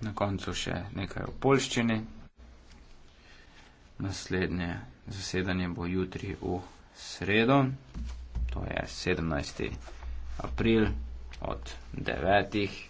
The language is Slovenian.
na koncu še nekaj o polščini. Naslednje zasedanje bo jutri v sredo, to je 17. april od 9.